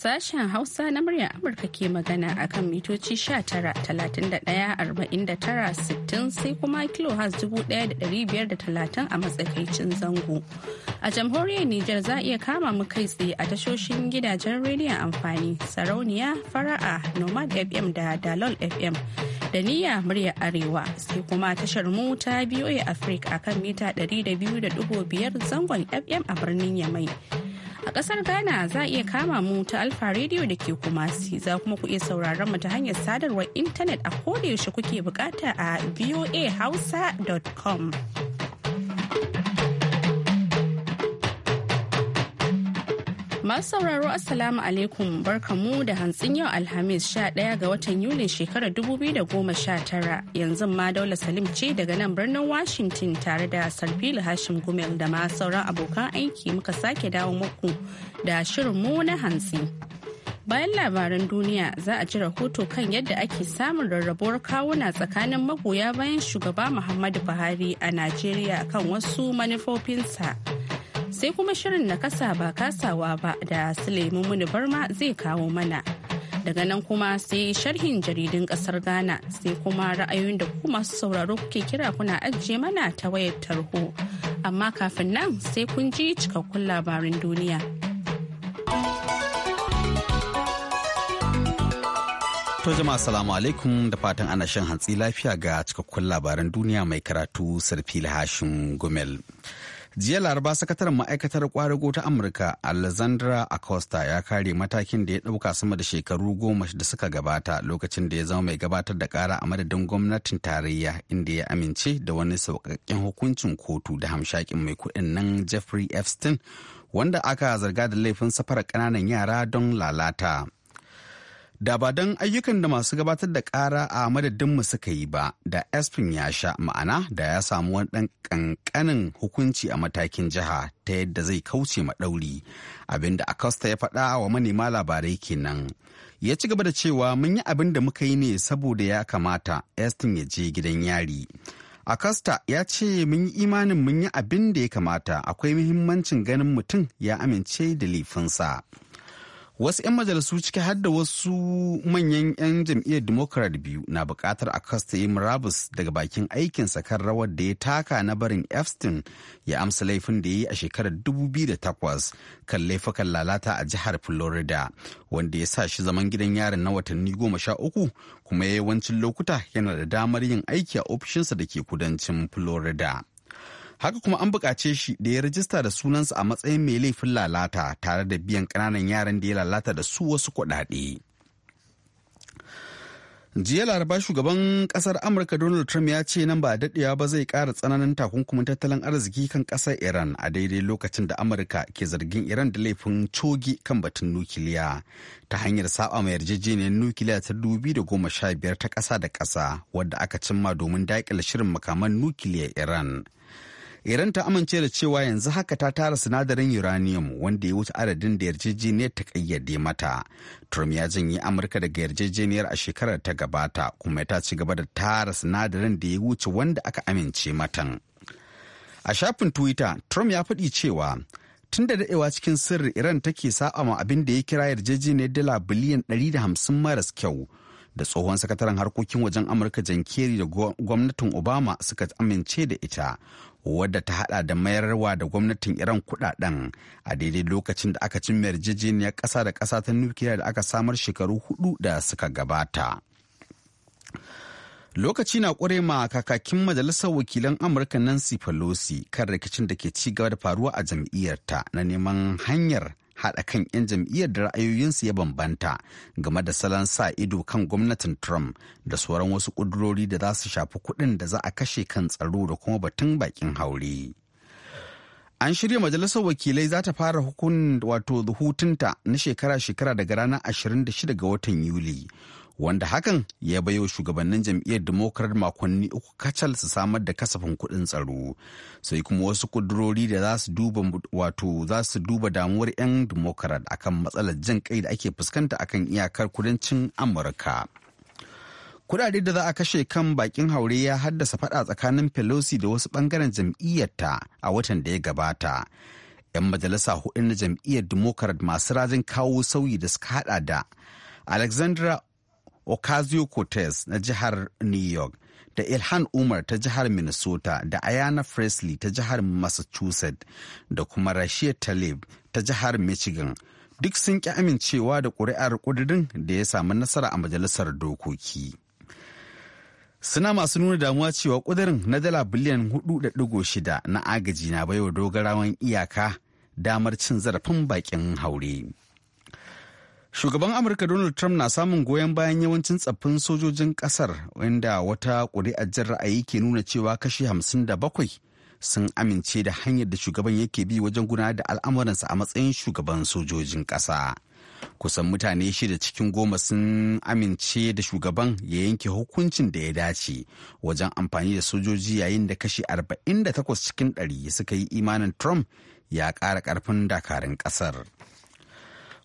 Sashen Hausa na murya Amurka ke magana a kan mitoci sittin sai kuma kilohaz 1,530 a matsakaicin zango. A jamhuriyar niger za a iya kama mu kai tsaye a tashoshin gidajen rediyon amfani sarauniya fara'a Nomad FM da Dalol FM. Da niyya murya Arewa sai kuma tashar mu ta BOA Africa a kan mita 200.5 zangon FM a birnin Yamai. A ƙasar Ghana za a iya kama mu ta Alfa rediyo da ke Kumasi za kuma ku iya sauraron mu ta hanyar sadarwar intanet a kodayaushe kuke bukata a voahausa.com. Masu sauraro Assalamu alaikum barkamu da hantsin yau Alhamis 11 ga watan Yulin shekarar 2019 yanzu ma Daula Salim ce daga nan birnin Washington tare da Sarfilu Hashim Gumel da ma sauran abokan aiki muka sake dawo muku da shirin mu na hantsi. Bayan labaran duniya za a ji rahoto kan yadda ake samun rarrabuwar kawuna tsakanin magoya bayan shugaba Muhammadu Buhari a Najeriya kan wasu manufofinsa. sai kuma shirin na kasa ba kasawa ba da Suleiman Muni Barma zai kawo mana. Daga nan kuma sai sharhin jaridun kasar Ghana sai kuma ra'ayoyin da ku masu sauraro kuke kira kuna ajiye mana ta wayar tarho. Amma kafin nan sai kun ji cikakkun labarin duniya. To jama'a salamu alaikum da fatan ana shan hantsi lafiya ga cikakkun labaran duniya mai karatu sarfi hashin gumel. jiya laraba sakataren ma'aikatar kwadago ta amurka alexandra acosta ya kare matakin da ya ɗauka sama da shekaru goma da suka gabata lokacin da ya zama mai gabatar da ƙara a madadin gwamnatin tarayya inda ya amince da wani sauƙaƙƙen hukuncin kotu da hamshakin mai kuɗin nan jeffrey epstein wanda aka zarga da laifin safarar ƙananan yara don lalata da ba don ayyukan da masu gabatar da ƙara a madadinmu suka yi ba da espin ya sha ma'ana da ya samu wani ɗan ƙanƙanin hukunci a matakin jiha ta yadda zai kauce ma ɗauri abinda acosta ya faɗa wa manema labarai kenan ya ci gaba da cewa mun yi abin da muka yi ne saboda ya kamata estin ya je gidan yari acosta ya ce mun yi imanin mun yi abin da ya kamata akwai muhimmancin ganin mutum ya amince da laifinsa. wasu 'yan majalisu ciki har da wasu manyan 'yan jam'iyyar democrat biyu na bukatar a kasta yi murabus daga bakin aikinsa kan rawar da ya taka na barin epstein ya amsa laifin da ya yi a shekarar 2008 kan laifukan lalata a jihar florida wanda ya sa shi zaman gidan yarin na watanni goma sha uku kuma yawancin lokuta yana da damar yin aiki a ofishinsa da ke kudancin florida haka kuma an buƙace shi da ya rajista da sunansa a matsayin mai laifin lalata tare da biyan ƙananan yaran da ya lalata da su wasu kuɗaɗe. jiya laraba shugaban kasar amurka donald trump ya ce nan ba daɗewa ba zai ƙara tsananin takunkumin tattalin arziki kan ƙasar iran a daidai lokacin da amurka ke zargin iran da laifin cogi kan batun nukiliya ta hanyar saba mai yarjejeniyar nukiliya ta goma sha biyar ta ƙasa da ƙasa wadda aka cimma domin daƙile shirin makaman nukiliyar iran Iran ta amince da cewa yanzu haka ta tara sinadarin uranium wanda ya wuce adadin da yarjejeniyar ta kayyade mata. Trump ya janye Amurka daga yarjejeniyar a shekarar ta gabata kuma ta ci gaba da tara sinadarin da ya wuce wanda aka amince matan. A shafin Twitter, Trump ya faɗi cewa tun da daɗewa cikin sirri Iran take saba ma abin da ya kira yarjejeniyar dala biliyan 150 maras kyau. da tsohon sakataren harkokin wajen amurka jan da gwamnatin obama suka amince da ita wadda ta hada da mayarwa da gwamnatin iran kudaden a daidai lokacin da aka cin yarjejeniyar kasa da kasa ta nukiliya da aka samar shekaru hudu da suka gabata lokaci na kure ma kakakin majalisar wakilan amurka nancy pelosi kan rikicin da ke ci gaba da faruwa a jam'iyyarta na neman hanyar haɗa kan 'yan jam'iyyar da ra'ayoyinsu ya bambanta game da salon sa ido kan gwamnatin Trump da sauran wasu ƙudurori da za su shafi kuɗin da za a kashe kan tsaro da kuma batun bakin haure. An shirya majalisar wakilai za ta fara hukun wato hutunta na shekara-shekara daga ranar 26 ga watan Yuli. wanda hakan ya bayo shugabannin jam'iyyar demokrat makonni uku kacal su samar da kasafin kuɗin tsaro sai kuma wasu kudurori da za su duba wato za su duba damuwar 'yan demokrat akan matsalar jin kai da ake fuskanta akan iyakar kudancin amurka kudade da za a kashe kan bakin haure ya haddasa fada tsakanin pelosi da wasu bangaren jam'iyyarta a watan da ya gabata 'yan majalisa hudu na jam'iyyar democrat masu rajin kawo sauyi da suka hada da alexandra Ocasio-Cortez na jihar New York da Ilhan Umar ta jihar Minnesota da Ayana Presley ta jihar Massachusetts da kuma Rashia Talib ta jihar Michigan duk sun ƙi amincewa da ƙuri'ar ƙudurin da ya samu nasara a majalisar dokoki. Suna masu nuna damuwa cewa ƙudurin na dala biliyan 4.6 na agaji na baiwa dogarawan iyaka damar cin zarafin baƙin haure. Shugaban Amurka Donald Trump na samun goyon bayan yawancin tsaffin sojojin kasar wanda wata ƙuri'ar jin ra'ayi ke nuna cewa kashi hamsin da bakwai sun amince da hanyar da shugaban yake bi wajen gudanar da al'amuransa a matsayin shugaban sojojin ƙasa. Kusan mutane shida cikin goma sun amince da shugaban ya yanke hukuncin da ya dace wajen amfani da sojoji yayin da kashi 48 cikin ɗari suka yi imanin Trump ya ƙara ƙarfin dakarun ƙasar.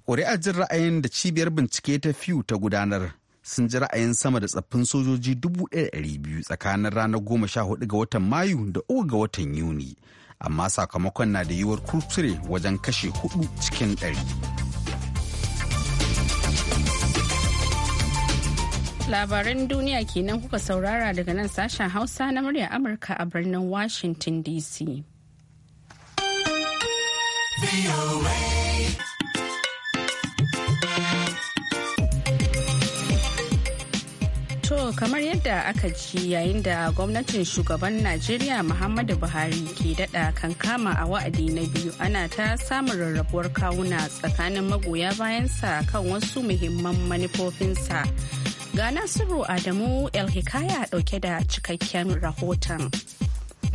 ƙuri'ar jin ra'ayin da cibiyar bincike ta fiyu ta gudanar sun ji ra'ayin sama da tsaffin sojoji dubu ɗaya biyu tsakanin ranar 14 ga watan mayu da 3 ga watan yuni amma sakamakon na da yiwuwar kuture wajen kashe 4 cikin ɗari. labaran duniya kenan kuka saurara daga nan sashen hausa na murya amurka a birnin washington dc kamar yadda aka ci yayin da gwamnatin shugaban Najeriya Muhammadu Buhari ke daɗa kama a wa'adi na biyu ana ta samun rarrabuwar kawuna tsakanin magoya bayansa kan wasu muhimman manufofinsa. Ga Nasiru Adamu El Hikaya ɗauke da cikakken rahoton.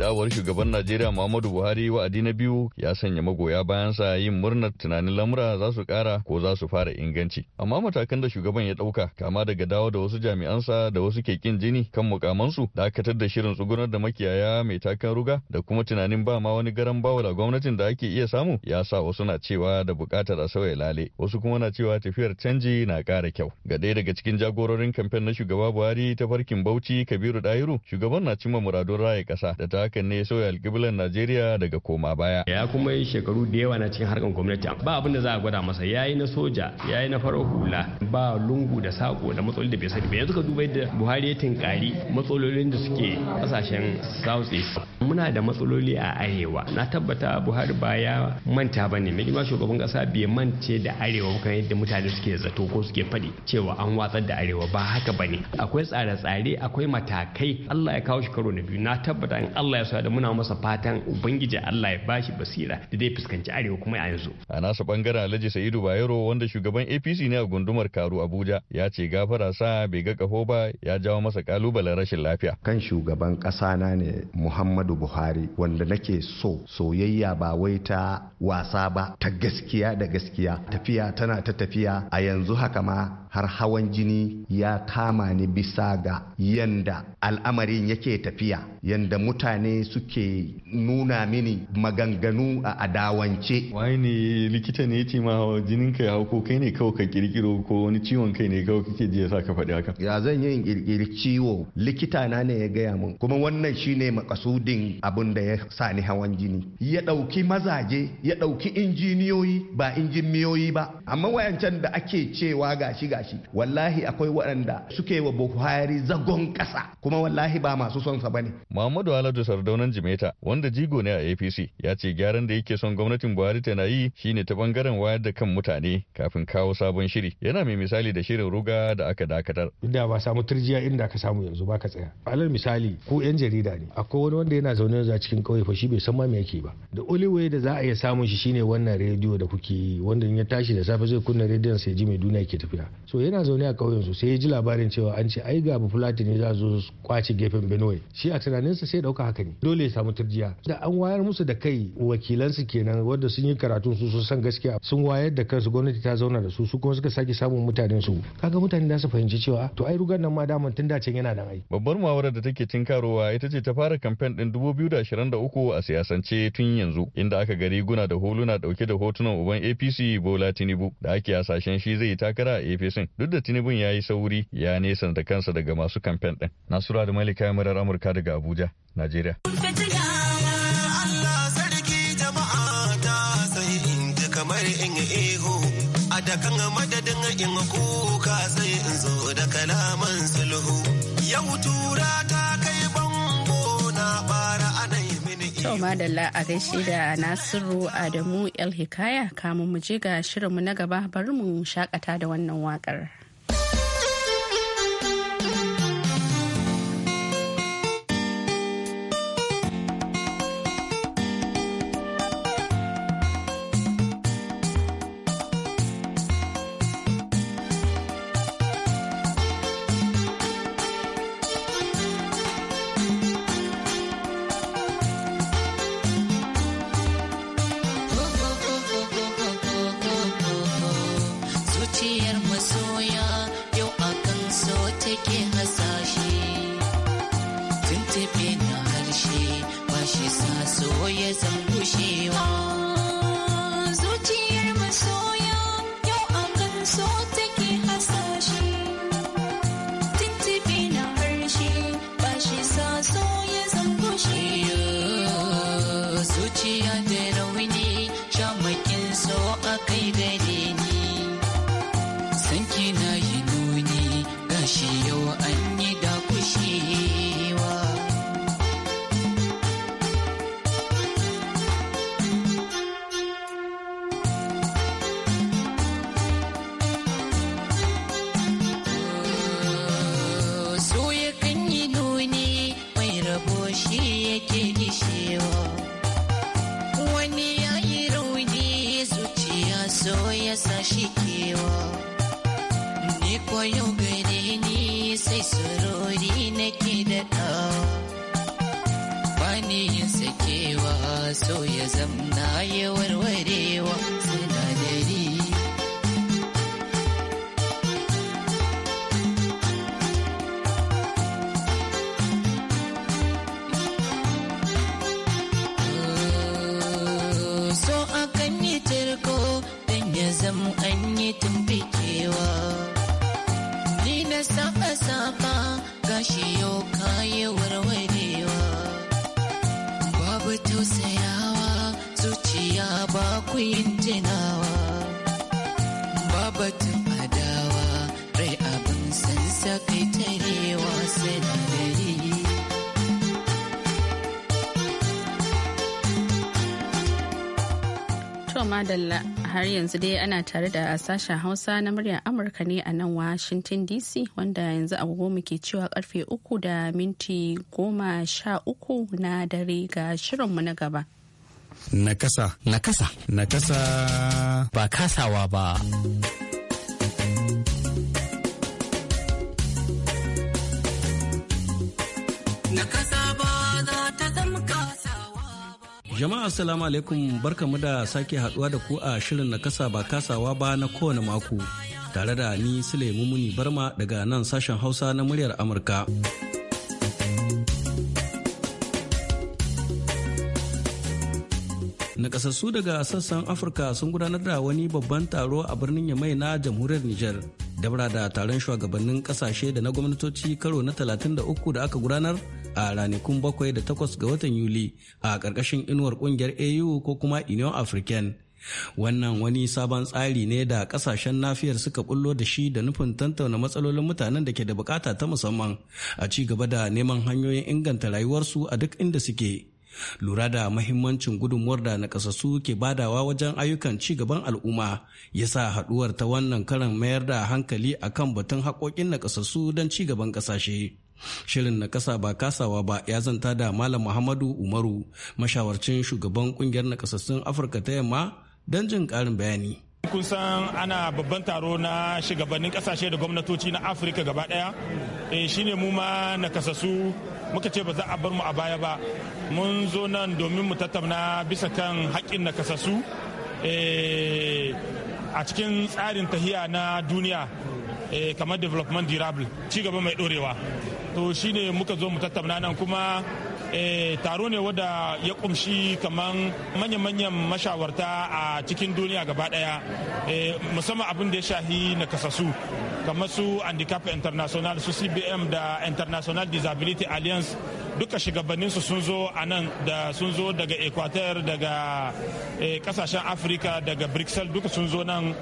dawar shugaban Najeriya Muhammadu Buhari wa'adi na biyu ya sanya magoya bayansa yin murnar tunanin lamura za su kara ko za su fara inganci. Amma matakan da shugaban ya ɗauka. kama daga dawo da wasu jami'ansa da wasu ke kin jini kan mukamansu dakatar da shirin tsugunar da makiyaya mai takan ruga da kuma tunanin ba ma wani garan da gwamnatin da ake iya samu ya sa wasu na cewa da bukatar a sauya lale wasu kuma na cewa tafiyar canji na ƙara kyau. Ga ɗaya daga cikin jagororin kamfen na shugaba Buhari ta farkin Bauchi Kabiru Dahiru shugaban na cimma muradun raya ƙasa da ta hakan ne soya alƙiblar Najeriya daga koma baya. Ya kuma yi shekaru da yawa na cikin harkar gwamnati ba abin da za a gwada masa ya yi na soja ya yi na farar hula ba lungu da sako da matsaloli da bai sani ba yanzu ka duba yadda Buhari ya tinkari matsalolin da suke ƙasashen South East. Muna da matsaloli a arewa na tabbata Buhari ba ya manta ba ne mai shugaban ƙasa bai mance da arewa kan yadda mutane suke zato ko suke faɗi cewa an watsar da arewa ba haka ba ne akwai tsare-tsare akwai matakai Allah ya kawo shi na biyu na tabbata in Allah ya sa da muna masa fatan ubangiji Allah ya bashi basira da zai fuskanci arewa kuma a yanzu a nasu bangaren Alhaji Sa'idu Bayero wanda shugaban APC ne a gundumar Karu Abuja ya ce gafara sa bai ga kafo ba ya jawo masa kalubalen rashin lafiya kan shugaban kasa na ne Muhammadu Buhari wanda nake so soyayya ba wai ta wasa ba ta gaskiya da gaskiya tafiya tana ta tafiya a yanzu haka ma har hawan jini ya kama ni bisa ga yanda al'amarin yake tafiya yanda mutane mutane suke nuna mini maganganu a adawance wai ne likita ne ce ma jinin ka ya hau kai ne kawai ka kirkiro ko wani ciwon kai ne kawai kake ji sa ka faɗi haka ya zan yi in kirkiri ciwo likita na ne ya gaya mun kuma wannan shine makasudin abun da ya sa ni hawan jini ya ɗauki mazaje ya ɗauki injiniyoyi ba injiniyoyi ba amma wayancan da ake cewa gashi gashi wallahi akwai waɗanda suke wa buhari zagon ƙasa kuma wallahi ba masu son sa bane muhammadu aladu daunan Jimeta wanda jigo ne a APC ya ce gyaran da yake son gwamnatin Buhari tana yi shine ta bangaren wayar da kan mutane kafin kawo sabon shiri. Yana mai misali da shirin ruga da aka dakatar. Da ba samu turjiya inda aka samu yanzu ba ka tsaya. Alal misali ko yan jarida ne akwai wani wanda yana zaune yanzu a cikin kauye fa shi bai san ma me yake ba. Da oliwe da za a iya samun shi shine wannan rediyo da kuke yi wanda in ya tashi da safe zai kunna rediyon sai ji mai duniya ke tafiya. So yana zaune a kauyen su sai ya ji labarin cewa an ce ai ga Fulani ne za zo kwace gefen Benue. Shi a tunaninsa sai dauka haka dole ya samu turjiya da an wayar musu da kai wakilansu kenan wanda sun yi karatun su sun san gaskiya sun wayar da kansu gwamnati ta zauna da su su kuma suka sake samun mutanen su kaga mutane da su fahimci cewa to ai rugar nan ma daman tun dacen yana da ai babbar muhawarar da take tinkarowa ita ce ta fara kamfen din 2023 a siyasance tun yanzu inda aka gari guna da holuna dauke da hotunan uban APC Bola Tinubu da ake hasashen shi zai takara a APC duk da tinubu ya yi sauri ya nesa da kansa daga masu kamfen din Nasura da Malika Murar Amurka daga Abuja Najeriya Najeriya. da kan madadin in kuka sai in zo da kalaman sulhu yau tura ta kai bango na bara anai mini to madalla a gaishe da nasiru adamu el hikaya kamun mu je ga shirinmu na gaba bari mu shakata da wannan wakar Gucci madalla har yanzu dai ana tare da sashen hausa na muryar amurka ne a nan washington dc wanda yanzu agogo muke cewa karfe uku da minti goma sha uku na dare ga shirinmu na gaba nakasa nakasa nakasa ba kasawa ba nakasa ba Jama'a assalamu alaikum barkamu da sake haduwa da ku a shirin na kasa ba kasawa ba na kowane mako tare da ni Sule Mumuni Barma daga nan sashen Hausa na muryar Amurka. nakasassu daga sassan afirka sun gudanar da wani babban taro a birnin yamai na jamhuriyar Nijar. dabra da taron shugabannin kasashe da na gwamnatoci karo na 33 da aka gudanar a ranakun bakwai da takwas ga watan Yuli a ƙarƙashin inuwar ƙungiyar AU ko kuma Union African. Wannan wani sabon tsari ne da kasashen nafiyar suka bullo da shi da nufin tantauna matsalolin mutanen da ke da bukata ta musamman a ci gaba da neman hanyoyin inganta rayuwarsu a duk inda suke. lura da mahimmancin gudunmuwar da nakasassu ke badawa wajen ayyukan ci gaban al'umma ya sa haɗuwar ta wannan karan mayar da hankali akan batun haƙoƙin nakasassu don ci gaban ƙasashe Shirin na kasa ba kasawa ba ya zanta da Malam Muhammadu Umaru mashawarcin shugaban kungiyar nakasassun Afirka ta yamma don jin karin bayani. Kun san ana babban taro na shugabannin kasashe da gwamnatoci na Afirka gaba daya E, eh, shine mu ma nakasassu muka ce ba za a bar mu a baya ba. Mun zo nan domin mu tattauna bisa kan haƙƙin nakasassu eh, a cikin tsarin tahiya na duniya eh, kamar development durable cigaba mai ɗorewa. to shine muka zo mu tattauna nan kuma eh, taro ne wanda ya kumshi kamar manya-manyan mashawarta a cikin duniya gaba daya eh, musamman abin da ya shahi na kasasu kamar su handicap international su cbm da international disability alliance duka shugabanninsu sun zo a nan da sun zo daga equator daga kasashen eh, afirka daga brixel duka sun zo nan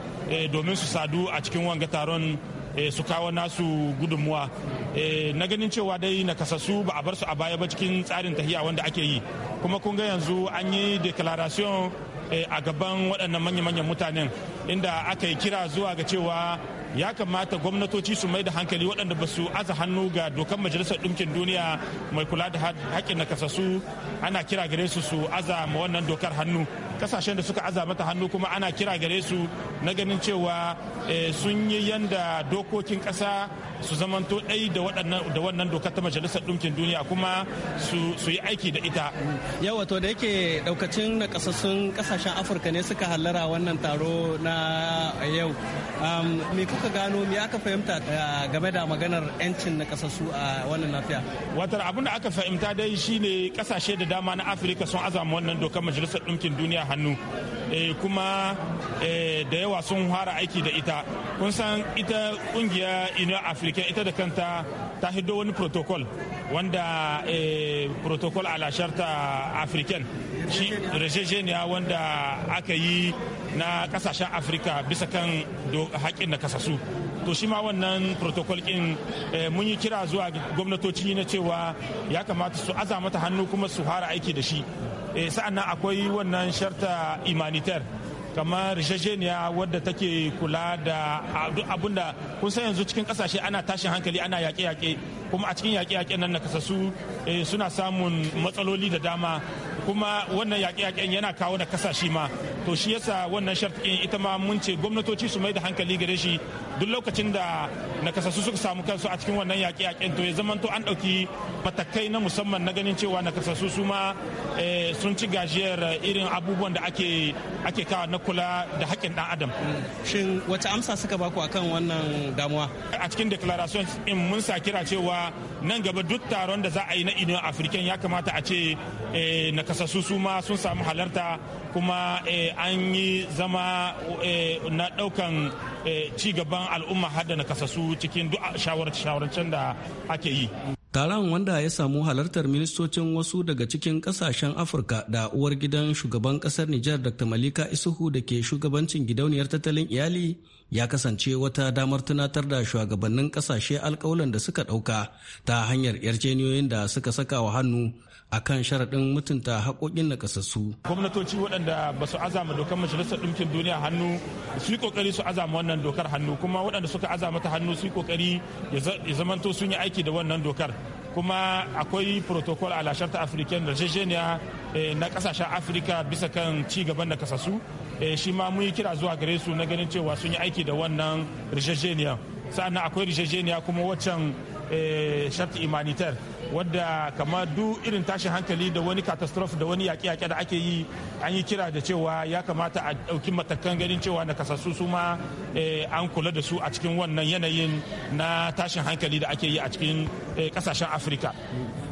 domin su sadu a cikin wanga taron Eh, su kawo nasu gudunmuwa eh, na ganin cewa dai nakasassu ba a bar su a baya ba cikin tsarin tahiya wanda ake yi kuma kun ga yanzu an yi declaration eh, a gaban waɗannan manya-manyan mutanen inda aka yi kira zuwa ga cewa ya kamata gwamnatoci su mai da hankali waɗanda ba su aza hannu ga dokar majalisar ɗinkin duniya mai kula da haƙƙin nakasassu ana kira gare su su aza ma wannan dokar hannu kasashen da suka aza mata hannu kuma ana kira gare su na ganin cewa eh, sun yi yanda dokokin kasa su zamanto ɗai da wannan dokar ta majalisar ɗinkin duniya kuma su yi aiki da ita. Yau wato da yake ɗaukacin na ƙasassun kasashen Afirka ne suka hallara wannan taro na yau. Um, me kuka gano me aka fahimta eh, game da maganar 'yancin na ƙasassu a wannan lafiya? Watar abin da aka fahimta dai shine kasashe da dama na Afirka sun azama wannan dokar majalisar ɗinkin duniya hannu e kuma eh, da yawa sun fara aiki da ita kun san ita kungiya ina afirka ita da kanta ta hido wani protocol wanda eh, protocol a sharta african shi rejejeniya wanda aka yi na kasashen afirka bisa kan haƙƙin na kasasu to shi ma wannan protocol ɗin mun yi kira zuwa gwamnatoci na cewa ya kamata su aza mata hannu kuma su fara aiki da shi Eh, sa'an nan akwai wannan sharta imanitar kamar rishasheniya wadda take kula da abinda kun san yanzu cikin kasashe ana tashin hankali ana yaƙe-yaƙe kuma a cikin yaƙe-yaƙe nan na kasasu eh, suna samun matsaloli da dama kuma wannan yaƙe-yaƙen yana kawo na kasashe ma to shi yasa wannan shartikin ita ma mun ce gwamnatoci su mai da hankali gare shi duk lokacin da nakasassu suka samu kansu a cikin wannan yaƙe-yaƙen to ya zamanto an ɗauki matakai na musamman na ganin cewa nakasassu su ma eh, sun ci gajiyar irin abubuwan da ake ake kawo na kula da haƙƙin ɗan adam. Shin wata amsa suka baku akan wannan damuwa? A cikin declaration in mun sa kira cewa nan gaba duk taron da za a yi na Union African ya kamata a ce eh, nakasassu kasa su ma sun samu halarta kuma eh, an yi zama eh, na daukan eh, ci gaban al'umma na kasa su cikin duk shawarcen da ake yi. Taron wanda ya samu halartar ministocin wasu daga cikin kasashen Afirka da uwar gidan shugaban kasar Nijar Dr. Malika Isuhu da ke shugabancin gidauniyar tattalin iyali ya kasance wata damar tunatar da shugabannin kasashe alkawalan da suka dauka ta hanyar yarjeniyoyin da suka saka wa hannu akan sharaɗin mutunta haƙoƙin nakasassu. Gwamnatoci waɗanda ba su azama dokar majalisar ɗinkin duniya hannu su yi ƙoƙari su azama wannan dokar hannu kuma waɗanda suka azama ta hannu su yi ƙoƙari ya zamanto sun yi aiki da wannan dokar. kuma akwai protocol a lashar ta african jejeniya eh, na kasashen afirika bisa kan ci gaban da kasasu eh, shi ma mun yi kira zuwa gare su na ganin cewa sun yi aiki da wannan yarjejeniya sa'an akwai rijejeniya kuma waccan sharti eh, imanitar wadda kamar duk irin tashin hankali da wani catastrophe da wani yaƙe-yaƙe da ake yi an yi kira da cewa ya kamata a ɗauki matakan ganin cewa na kasassu su ma eh, an kula da su a cikin wannan yanayin na tashin hankali da ake yi a cikin eh, ƙasashen afirka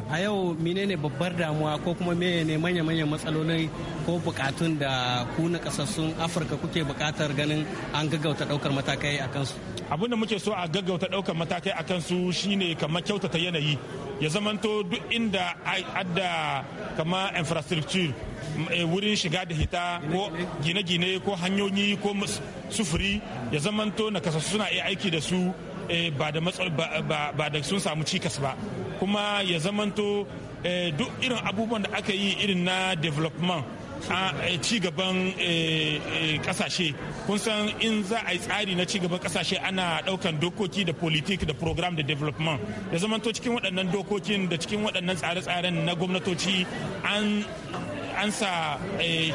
a yau menene babbar damuwa ko kuma menene manya-manyan matsaloli ko bukatun da ku na kasassun afirka kuke bukatar ganin an gaggauta daukar matakai a kansu abinda muke so a gaggauta daukar matakai a kansu shine kamar kyautata yanayi ya zamanto duk inda adda kama infrastructure eh, wurin shiga da hita ko gine-gine ko hanyoyi ko sufuri ya zamanto na kasassu suna iya aiki da su eh, ba da sun samu cikas ba kuma ya zamanto eh, duk irin abubuwan da aka yi irin na development a eh, cigaban kasashe eh, kun san in za a yi tsari na cigaban kasashe ana daukan dokoki da politik da program da development da zamanto cikin waɗannan dokokin da cikin waɗannan tsare-tsaren na gwamnatoci an sa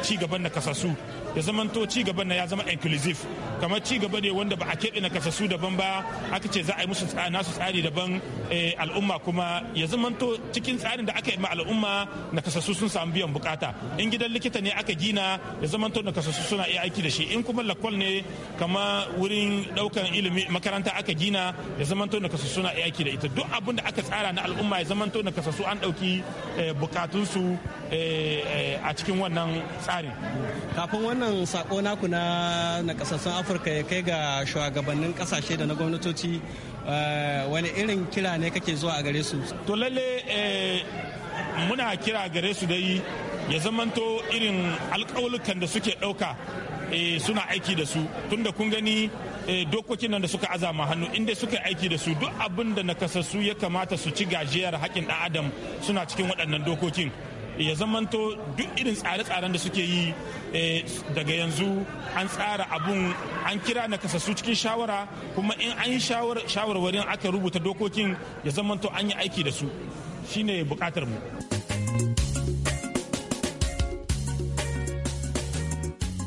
cigaban na kasasu ya zamanto ci gaba na ya zama inclusive kamar ci gaba ne wanda ba a keɓe na kasasu daban ba aka ce za a yi musu nasu tsari daban eh, al'umma kuma ya zamanto cikin tsarin da aka yi ma al'umma na kasasu sun samu biyan bukata in gidan likita ne aka gina ya zamanto na kasasu suna iya aiki da shi in kuma lakwal ne kama wurin daukan ilimi makaranta aka gina ya zamanto na kasasu suna iya aiki da ita duk abin da aka tsara na al'umma ya zamanto na kasasu an dauki eh, bukatunsu Eh, eh, a cikin wannan tsarin kafin wannan sako naku na kasassun afirka ya kai ga shugabannin kasashe da na gwamnatoci eh, wani irin kira ne kake zuwa a gare su to lalle muna kira gare su dai ya zamanto irin alkawulukan da suke ɗauka suna aiki da su tunda kun gani dokokin nan da suka azama hannu inda suka aiki da su duk abin da kasassu ya kamata su ci gajiyar haƙƙin ɗan adam suna cikin waɗannan dokokin ya zamanto duk irin tsare-tsaren da suke yi eh, daga yanzu an tsara abun an kira na kasassu cikin shawara kuma in an yi shawarwarin aka rubuta dokokin ya zamanto an yi aiki da su shine bukatar mu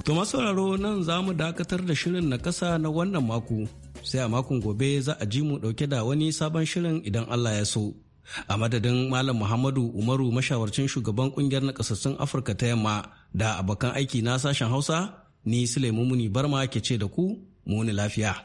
To sauraro nan za mu dakatar da shirin na kasa na wannan mako sai a makon gobe za a ji mu dauke da wani sabon shirin idan Allah ya so. a madadin malam muhammadu umaru mashawarcin shugaban kungiyar nakasassun afirka ta yamma da abokan aiki na sashen hausa ni sulaimu muni barma ke ce da ku muni lafiya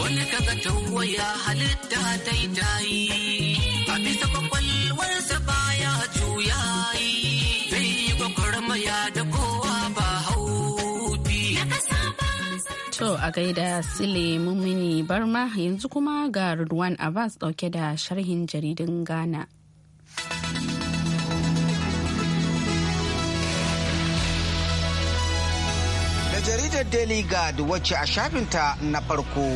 Wani kaga halitta a gaida Sile mummini Barma yanzu kuma ga Ridwan Abbas dauke da sharhin jaridin Ghana. Da jaridar Daily Guard wacce a shafinta na farko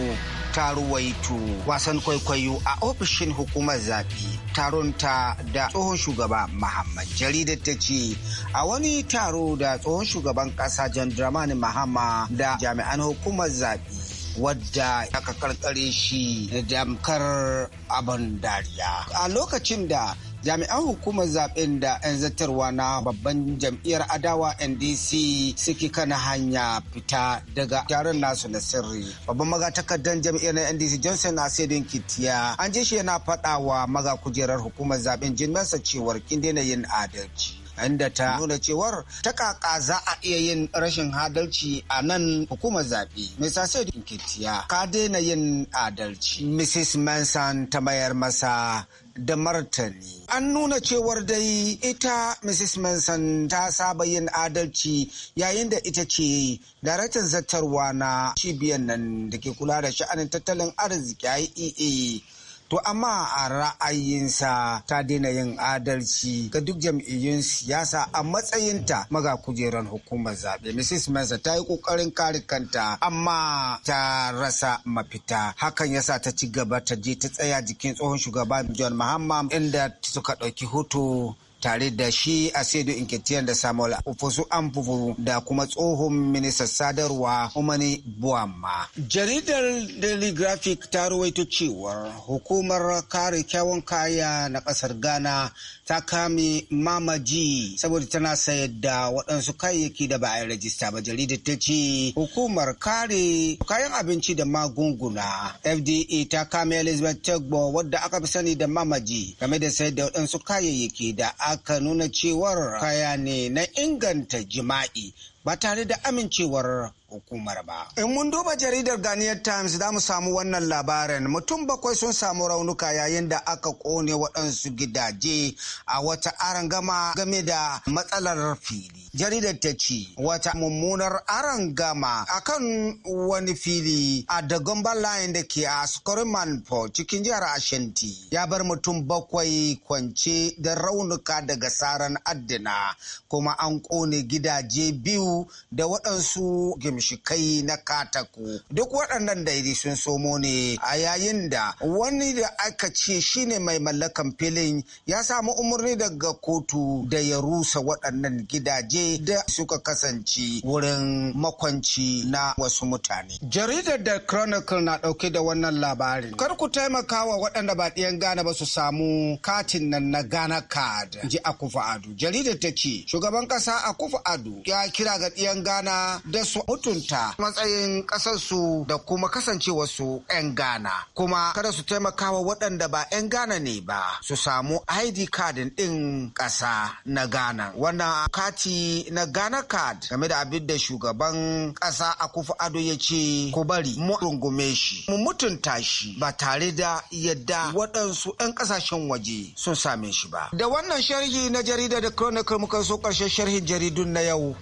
ta ruwaito wasan kwaikwayo a ofishin hukumar zaɓe taronta da tsohon shugaba Muhammad. Jaridar ta ce a wani taro da tsohon shugaban ƙasa jan Dramani Mahama da jami'an hukumar zafi wadda aka karkare shi da damkar abin dariya. A lokacin da jami'an hukumar zaben da 'yan zartarwa na babban jam'iyyar adawa ndc suke kan hanya fita daga taron nasu na sirri babban magatakardan jam'iyyar na ndc johnson na sedin kitiya an ji shi yana faɗawa maga kujerar hukumar zaben jin cewar kin daina yin adalci inda ta nuna cewar ta kaka za a iya yin rashin adalci a nan hukumar zaɓe. Mr. Said Nketiya ka daina yin adalci. Mrs. Manson ta mayar masa da martani. An nuna cewar dai ita Mrs. Manson ta saba yin adalci yayin da ita ce daraktan zartarwa na cibiyar nan da ke kula da sha'anin tattalin arziki IEA to amma a ra'ayinsa ta daina yin adalci ga duk jam'iyyun siyasa a matsayinta maga kujeran hukumar zaɓe mrs mensa ta yi ƙoƙarin kare kanta amma ta rasa mafita hakan yasa ta ci gaba ta je ta tsaya jikin tsohon shugaba john mahama inda suka ɗauki hoto tare da shi Asedu Inketiyan da Samuel Ofosu Amfufu da kuma tsohon minista sadarwa Umani Buamma. Jaridar Daily Graphic ta ruwaito cewar hukumar kare kyawun kaya na ƙasar Ghana ta kame mamaji saboda tana sayar da waɗansu kayayyaki da ba a yi rajista ba jaridar ta ce hukumar kare kayan abinci da magunguna fda ta kame elizabeth tagbo wadda aka fi sani da mamaji game da sayar da waɗansu kayayyaki da aka nuna cewar kaya ne na inganta jima'i ba tare da amincewar hukumar ba. In mun duba jaridar Ghanaian Times za mu samu wannan labarin mutum bakwai sun samu raunuka yayin da aka kone waɗansu gidaje a wata arangama game da matsalar fili. Jaridar ta ce wata mummunar arangama akan wani fili a Dagomba Line da ke a Skorimanpo cikin jihar Ashanti ya bar mutum bakwai kwance da raunuka daga saran addina kuma an kone gidaje biyu da waɗansu gimshi kai na katako duk waɗannan daidai sun somo ne a yayin da wani da aka ce shine mai mallakan filin ya samu umarni daga kotu da ya rusa waɗannan gidaje da suka kasance wurin makwanci na wasu mutane jaridar da chronicle na ɗauke da wannan labarin kar ku taimaka wa waɗanda ba ɗiyan gane ba su samu katin nan na gana card ji akufa ado jaridar ta ce shugaban ƙasa akufa ado ya kira ga ɗiyan gana da su mutu mutunta matsayin ƙasarsu da kuma kasancewarsu 'yan Ghana. Kuma kada su taimakawa waɗanda ba 'yan Ghana ne ba su samu ID card ɗin ƙasa na Ghana. Wannan kati na Ghana card game da abin da shugaban ƙasa a Akufo Ado ya ce ku bari mu rungume shi mu mutunta shi ba tare da yadda waɗansu 'yan ƙasashen waje sun same shi ba. Da wannan sharhi na jaridar da Chronicle muka so ƙarshen sharhin jaridun na yau.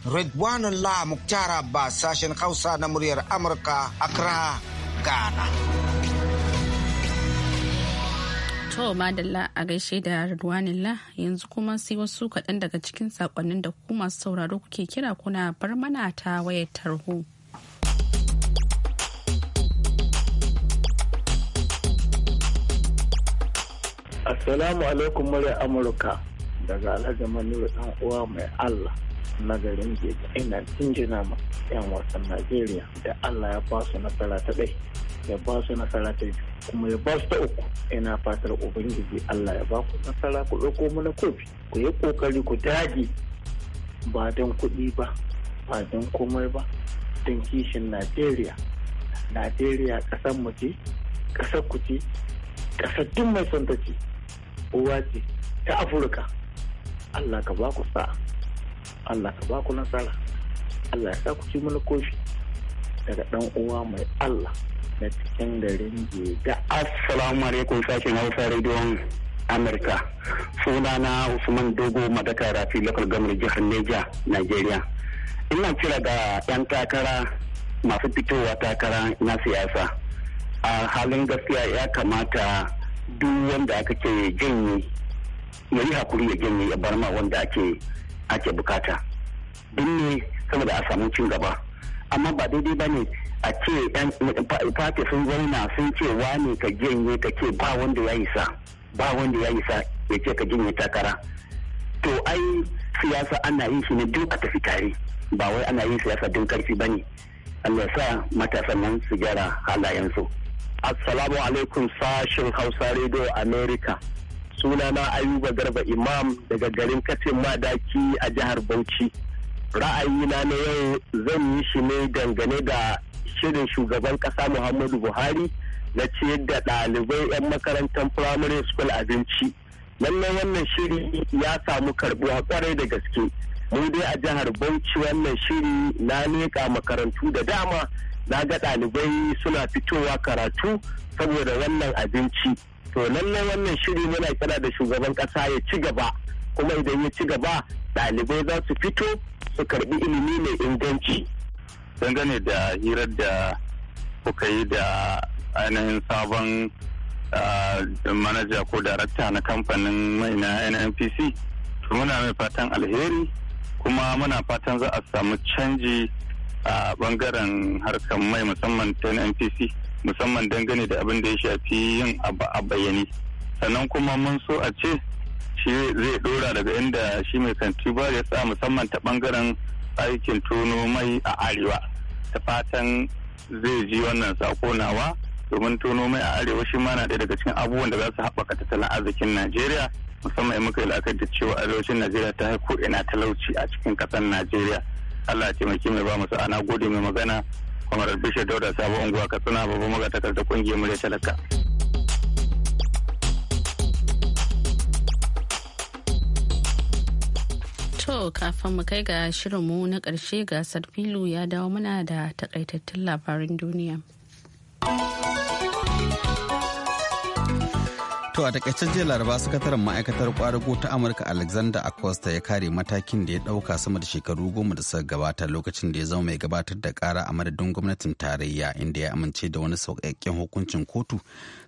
Allah Muktar Abbas sashen Hausa na muryar Amurka Accra, Ghana. To madalla a gaishe da Ridwanillah yanzu kuma sai wasu kaɗan daga cikin sakonnin da ku masu sauraro kuke kira kuna bar mana ta wayar tarho. asalamu alaikum murya Amurka daga Alhaji Manuru ɗan uwa mai Allah na garin Jeji ina jinjina ma 'yan wasan najeriya da allah ya ba su nasara ta ɗai ya ba su nasara ta biyu kuma ya ba su ta uku ina fatar ubangiji allah ya ba ku nasara ku ɗauko mana kofi ku yi ƙoƙari ku dage ba don kuɗi ba ba don komai ba don kishin najeriya najeriya ƙasar mu ce ƙasar ku ce ƙasar duk mai son ta ce uwa ce ta afirka allah ka ba ku sa'a allah ka ba ku nasara Allah ya sa ku ci mana kofi daga dan uwa mai Allah na cikin garin Jega. Assalamu alaikum sashen Hausa rediyon Amurka. Sunana Usman Dogo Madaka Rafi Local Gamar Jihar Neja, Najeriya. Ina kira ga 'yan takara masu fitowa takara na siyasa. A halin gaskiya ya kamata duk wanda aka ke janye ya yi hakuri ya janye ya bar ma wanda ake ake bukata. Duk saboda a samu cin gaba amma ba daidai ba ne a ce fati sun zauna sun ce ne ka janye ka ce ba wanda ya isa ba wanda ya isa ya ce ka janye takara to ai siyasa ana yin shi ne duk a tafi tare ba wai ana yin siyasa don karfi ba ne Allah sa matasan nan su gyara halayensu. Assalamu alaikum sashin Hausa Radio America. Sunana Ayuba Garba Imam daga garin Katin Madaki a jihar Bauchi. ra'ayina na yau zan yi shi ne dangane da shirin shugaban kasa muhammadu buhari na ciyar da ɗalibai 'yan makarantar firamare school abinci lallai wannan shiri ya samu karbuwa kwarai da gaske mun dai a jihar bauchi wannan shiri na neƙa makarantu da dama na ga ɗalibai suna fitowa karatu saboda wannan abinci to lallai wannan shiri muna kira da shugaban kasa ya ci gaba kuma idan ya ci gaba ɗalibai za su fito su karbi ilimi mai inganci dangane da hirar da kuka yi da ainihin sabon ah, manaja ko darakta na kamfanin mai na nnpc muna mai fatan alheri kuma muna fatan za a samu canji a bangaren harkar mai musamman ta nnpc musamman dangane da abin da ya shafi yin abu a bayani sannan kuma mun so a ce shi zai dora daga inda shi mai ba ya sa musamman ta bangaren aikin tono mai a arewa ta fatan zai ji wannan sako nawa domin tono mai a arewa shi mana na ɗaya daga cikin abubuwan da za su haɓaka tattalin arzikin najeriya musamman in muka yi la'akari da cewa arewacin najeriya ta haiko ina talauci a cikin ƙasar najeriya allah ya taimaki mai ba musu ana gode mai magana kwamar bishir dauda sabon unguwa katsina babban magatakar da kungiyar murya talaka. kafin mu kai ga shirin mu na ƙarshe gasar filu ya dawo muna da takaitattun labarin duniya. To a takaicen jiya laraba sakataren ma'aikatar kwarago ta Amurka Alexander Acosta ya kare matakin da ya ɗauka sama da shekaru goma da suka gabata lokacin da ya zama mai gabatar da ƙara a madadin gwamnatin tarayya inda ya amince da wani sauƙaƙƙen hukuncin kotu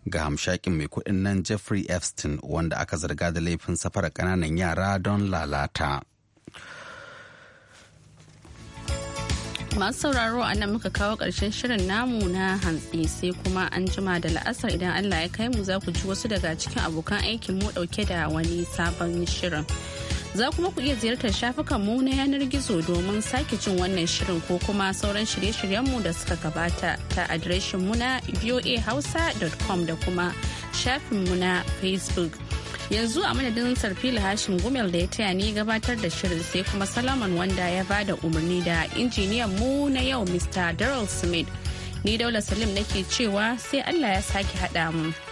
ga hamshakin mai kuɗin nan Jeffrey Epstein wanda aka zarga da laifin safara ƙananan yara don lalata. masu sauraro a nan muka kawo ƙarshen shirin namu na hantsi sai kuma an jima da la'asar idan allah ya kai mu za ku ji wasu daga cikin abokan aikin mu ɗauke da wani sabon shirin za kuma ku iya ziyartar shafukan mu na yanar gizo domin sake cin wannan shirin ko kuma sauran shirye-shiryenmu da suka gabata ta adireshin mu na voahausa.com da kuma shafin mu na facebook yanzu a madadin sarfila hashim gumel da ya taya ni gabatar da shirin sai kuma salaman wanda ya bada da umarni da injiniyan mu na yau mr daryl smith ni daula salim nake cewa sai allah ya sake haɗa mu.